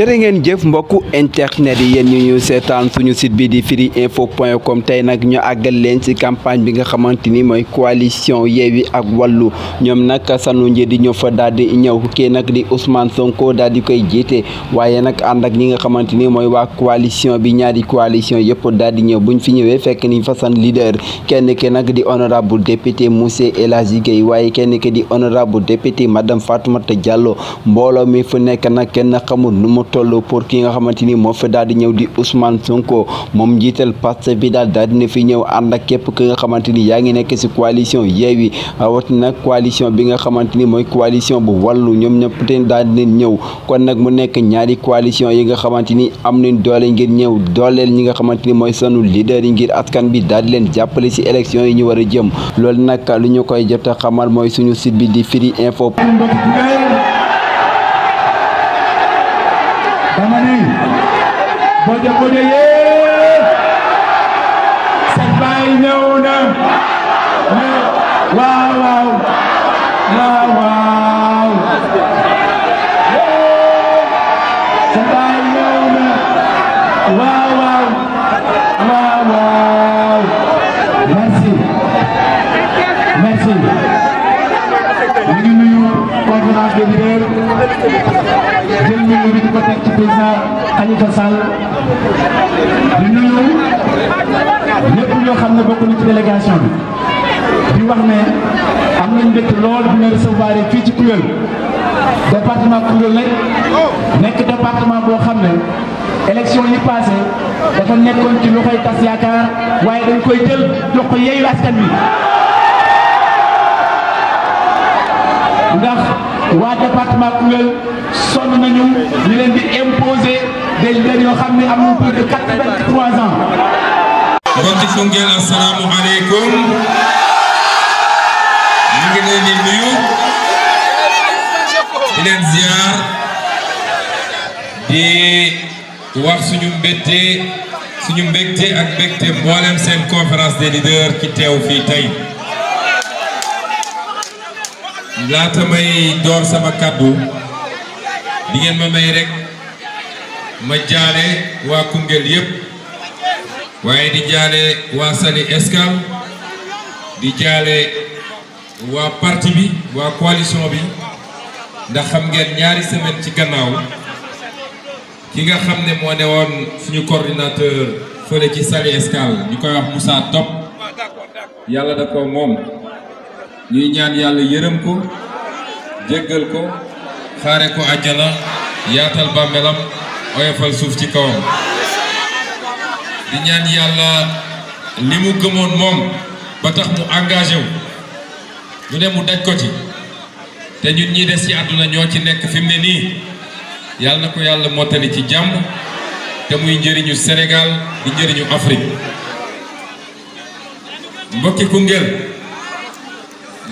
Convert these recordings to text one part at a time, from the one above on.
jërë ngeen jëf mbokku internet yi yéen ñu ñu seetaan suñu site bi di firi info point com tey nag ñu àggal leen ci campagne bi nga xamante ni mooy coalition Yewwi ak Wallu ñoom nag sanu nji di ñoo fa daal di ñëw kii nag di Ousmane Sonko daal di koy jiite waaye nag ànd ak ñi nga xamante ni mooy waa coalition bi ñaari coalition yëpp daal di ñëw buñ fi ñëwee fekk ni fa san leader kenn ki nag di honorable député monsieur El Hadji Gueye waaye kenn ki di honorable député madame Fatoumata Diallo mbooloo mi fu nekk nag kenn xamul nu toll pour ki nga xamante ni moo fi daal di ñëw di Ousmane Sonko moom njiital Pastef bi daal daal dina fi ñëw ànd ak képp ki nga xamante ni yaa ngi nekk si coalition Yewwi rawatina coalition bi nga xamante ni mooy coalition bu wàllu ñoom ñëpp te daal dinañ ñëw kon nag mu nekk ñaari coalition yi nga xamante ni am nañ doole ngir ñëw dooleel ñi nga xamante ni mooy sunu leader yi ngir askan bi daal di leen jàppale si élection yi ñu war a jëm loolu nag lu ñu koy jot a xamal mooy suñu site di Firi Info Kamani, Bode Kodeye, Sefai Neuna, Uau, uau, uau, uau. Sefai Neuna, uau, uau, uau, uau. Merci, merci. Menino, pode dar as bebidas. jël nuyu bi di ko teg ci président Khalifa Sall di nuyu ñëpp ñoo xam ne bokk na ci délégation bi di wax ne am nañ mbégte lool bi ñu recevoir fii ci Koungheul département Koungheul nag nekk département boo xam ne élection yi passé dafa nekkoon ci loxoy tas yaakaar waaye dañ koy jël jox ko yeeyu askan wi ndax wa département Koungheul sonn nañu ñu leen di imposer des leaders yoo xam ne am nañu plus de quatre-vingt-trois ans. mbokki Koungheul asalaamaaleykum ñu ngi leen di nuyu di leen ziar di wax suñu mbégte suñu mbégte ak mbégte mboolem seen conférence des leaders ki teew fii tey. laata may door sama kàddu di ngeen ma may rek ma jaale waa Koungheul yépp waaye di jaale waa Saly Escale di jaale waa parti bi waa coalition bi ndax xam ngeen ñaari semaine ci gannaaw ki nga xam ne moo ne woon suñu coordinateur fële ci Saly Escale ñu koy wax Moussa Top yàlla da ko moom ñuy ñaan yàlla yërëm ko jéggal ko xaare ko àjjana yaatal bàmmeelam oyofal suuf ci kawam di ñaan yàlla li mu gëmoon moom ba tax mu engagé wu ñu ne mu daj ko ci te ñun ñi des ci àdduna ñoo ci nekk fi ne nii yàlla na ko yàlla mottali ci jàmm te muy njëriñu senegal di njëriñu Afrique mbokki Koungheul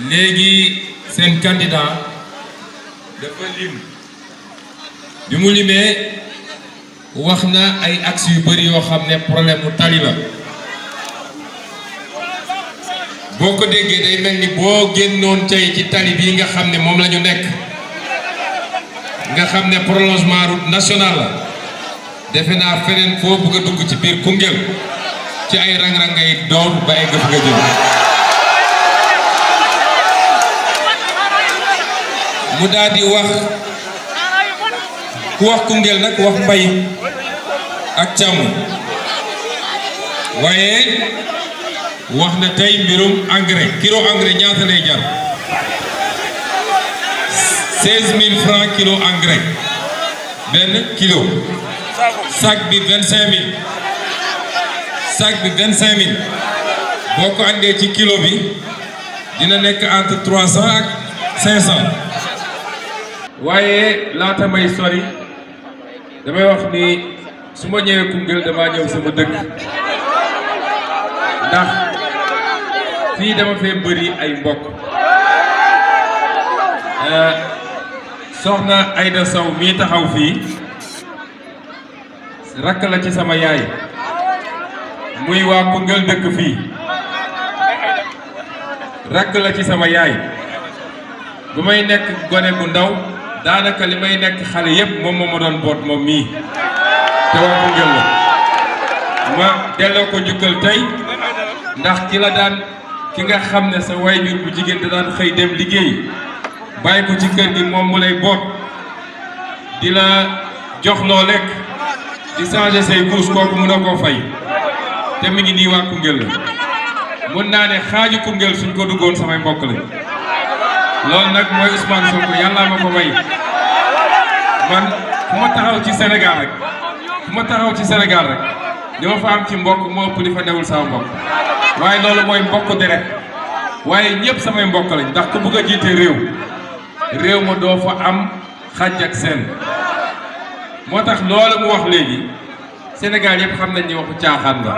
Legi sen candidat dafa lim bi mu limee wax ay axes yu bari yo xamné problème mu taliba boko déggé day melni bo gennon tay ci talib yi nga xamné mom lañu nek nga xamné prolongement route nationale la defe naa bëgg dugg ci bir kungel ci ay rang-rang doon ba ay gëf nga jëm mu daal di wax ku wax Koungheul nag wax mbay ak càmm waaye wax na tey mbirum engrais kilo engrais ñaata lay jar 16000 francs kilo engrais benn kilo sac bi 25000 sac bi 25000 boo ko andee ci kilo bi dina nekk entre 300 ak 500. waaye laata may sori damay wax ni su ma ñëwee Koungheul damaa ñëw sama dëkk ndax fii dama fee bëri ay mbokk euh, soxna Aïda Sow mi taxaw fii rakk la ci sama yaay muy waa Koungheul dëkk fii rakk la ci sama yaay bu may nekk gone bu ndaw daanaka li may nekk xale yépp moom moo ma doon boot moom mii te waa Koungheul la ma delloo ko njukkal tey ndax ki la daan ki nga xam ne sa wayjur bu jigéen da daan xëy dem liggéey bàyyi ko ci kër gi moom mu lay boot di la jox loo lekk di changer say couches kooku mënoo koo fay te mi ngi nii waa Koungheul la mën naa ne xaaju Koungheul suñ ko duggoon samay mbokk la loolu nag mooy Ousmane Sonko yàllaa ma ko may man fu ma taxaw ci Sénégal rek fu ma ci Sénégal rek fa am ci mbokk moo ëpp li fa newul sama mbokk waaye loolu mooy mbokk deret waaye ñëpp samay mbokk lañ ndax ku bëgg a jiite réew réew ma doo fa am xàjj ak seen moo tax loolu mu wax léegi Sénégal yëpp xam nañ ni waxu caaxaan la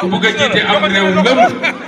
ku bëgg a jiite am réew lëmm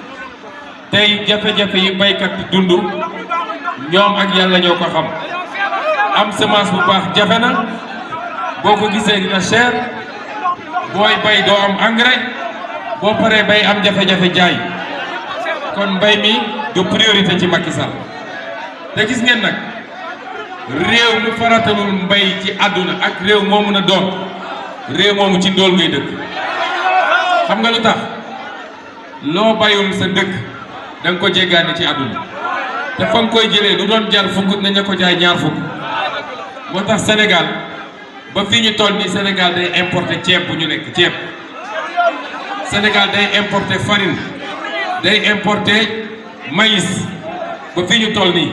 tay jafé jafé yi baykat di dund ñoom ak yalla ñoo ko xam am semence bu baax jafé na boko gisé dina cher boy bay do am engrais bo paré bay am jafé jafé jaay kon bay mi do priorité ci Macky Sall da gis ngeen nag réew mu lu mbay ci aduna ak rew mo meuna a doon réew ci dool ngay dëkk xam nga lutax lo bayul sa dëkk da nga ko jéggaani ci àdduna te fa nga koy jëlee lu doon jar fukk nañ la ko jaay ñaar fukk moo tax Sénégal ba fii ñu toll nii Sénégal day importer ceeb bu ñu nekk ceeb Sénégal day importer farine day importer maïs ba fii ñu toll nii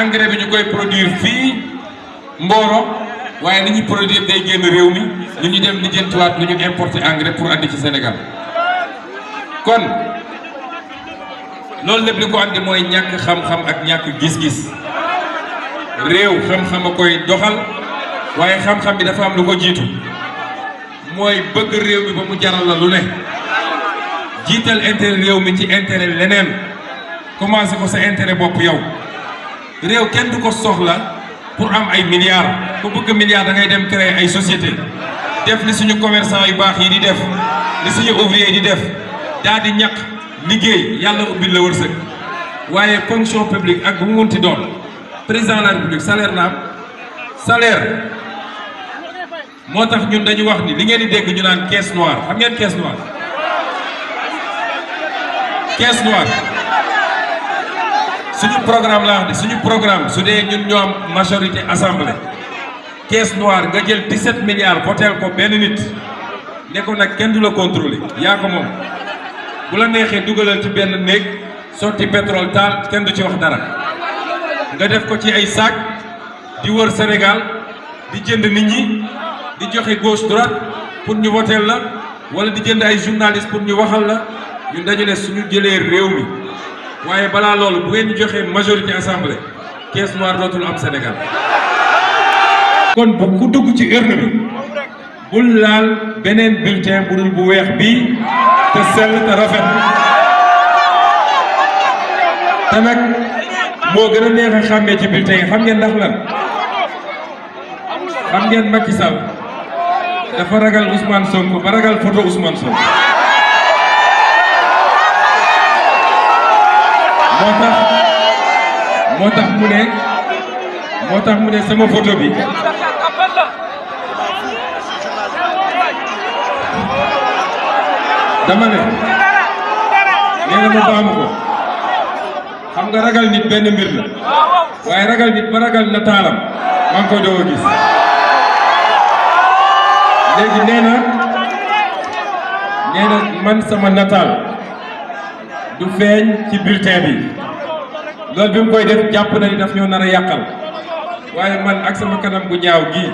engrais bi ñu koy produire fii Mboro waaye li ñuy produire day génn réew mi ñu ñu dem di jëntuwaat lu ñu importer engrais pour andi ci Sénégal kon. loolu lépp li ko andi mooy ñàkk xam-xam ak ñàkk gis-gis réew xam-xam a koy doxal waaye xam-xam bi dafa am lu ko jiitu mooy bëgg réew mi ba mu jaral la lu ne jiital intérêt réew mi ci intérêt leneen commencé ko sa intérêt bopp yow réew kenn du ko soxla pour am ay milliards ku bëgg milliards da ngay dem créer ay société def li suñu commerçant yu baax yi di def li suñu ouvrier di def daal ñàkk liggéey yalla ubbi la wërsëg waye fonction publique ak bu mu munti doon président la république salaire la salaire motax ñun dañu wax ni li ngeen di dégg ñu naan caisse noire xam ngeen caisse noire caisse noire suñu programme la di suñu programme su dé ñun ñu am majorité assemblée caisse noire nga jël 17 milliards voter ko ben nit né ko nak kenn du la contrôler ya ko mom bu la neexee dugalal ci benn néeg sotti pétrole taal kenn du ci wax dara nga def ko ci ay sac di wër Sénégal di jënd nit ñi di joxe gauche pour ñu woteel la wala di jënd ay journaliste pour ñu waxal la ñun dañu ne suñu jëlee réew mi waaye balaa loolu bu ngeen joxee majorité assemblée caisse noire dootul am Sénégal. kon bu ku dugg ci urne bul laal beneen bulletin bu dul bu weex bi te sell rafet te nag moo gën a neex xàmmee ci bulletin yi xam ngeen ndax lan xam ngeen Macky Sall dafa ragal Ousmane Sonko ba ragal photo Ousmane Sonko tax moo tax mu ne moo tax mu ne sama photo bi dama ne nee na ma baamu ko xam nga ragal nit benn mbir la waaye ragal nit ba ragal na taalam maa ngi koy gis léegi nee na man sama natal, du feeñ ci bulletin bi loolu bi mu koy def jàpp na ni daf ñoo nar a yàqal waaye man ak sama kanam bu ñaaw gii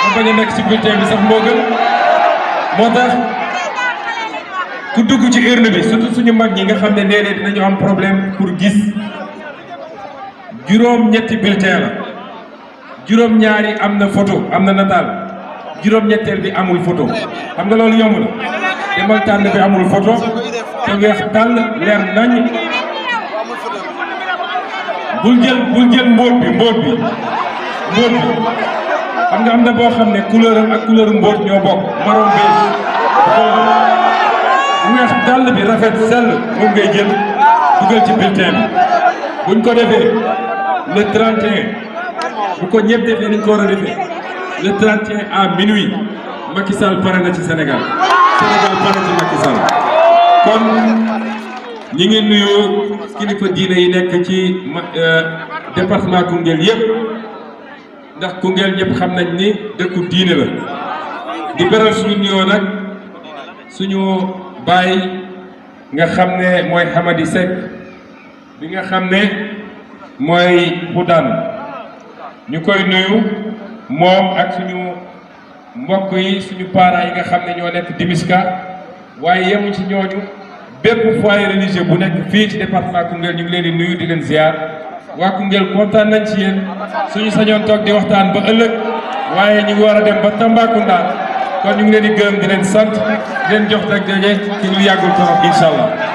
ma bañ a ci bulletin bi sax moo gën moo ku dugg ci urne bi surtout suñu mag ñi nga xam ne léeg dina dinañu am problème pour gis juróom ñetti bulletin la juróom ñaari am na photo am na nataal juróom ñetteel bi amul photo xam nga loolu yomb na demal tànn bi amul photo te weex tànn leer nañ bul jël bul jël mbóot bi mbóot bi mbóot bi xam nga am na boo xam ne couleur am ak couleur mbóot ñoo bokk marron beige weex dàll bi rafet Sel, moom ngay jël dugal ci bulletin bi buñ ko defee le 31 bu ko ñëpp defee ni ñu ko war a defee le 31 à minuit Macky Sall pare na ci Sénégal Sénégal pare ci Macky Sall kon ñi ngi nuyu kilifa diine yi nekk ci euh, département Koungheul yëpp ndax Koungheul ñëpp xam nañ ni dëkku diine la di beral suñu nuyoo nag suñu. Baye nga xam ne mooy Hamadi Seck bi nga xam ne mooy Xudan ñu koy nuyu moom ak suñu mbokk yi suñu parents yi nga xam ne ñoo nekk Dimiska waaye yemu ci ñooñu bépp foyer religieux bu nekk fii ci département Koungheul ñu ngi leen di nuyu di leen ziar waa Koungheul kontaan nañ suñu sañoon toog di waxtaan ba ëllëg waaye ñu war a dem ba Tambacounda. kon ñu ngi leen di gërëm di leen sant di leen jox rek daje ci lu yàggul trop incha allah.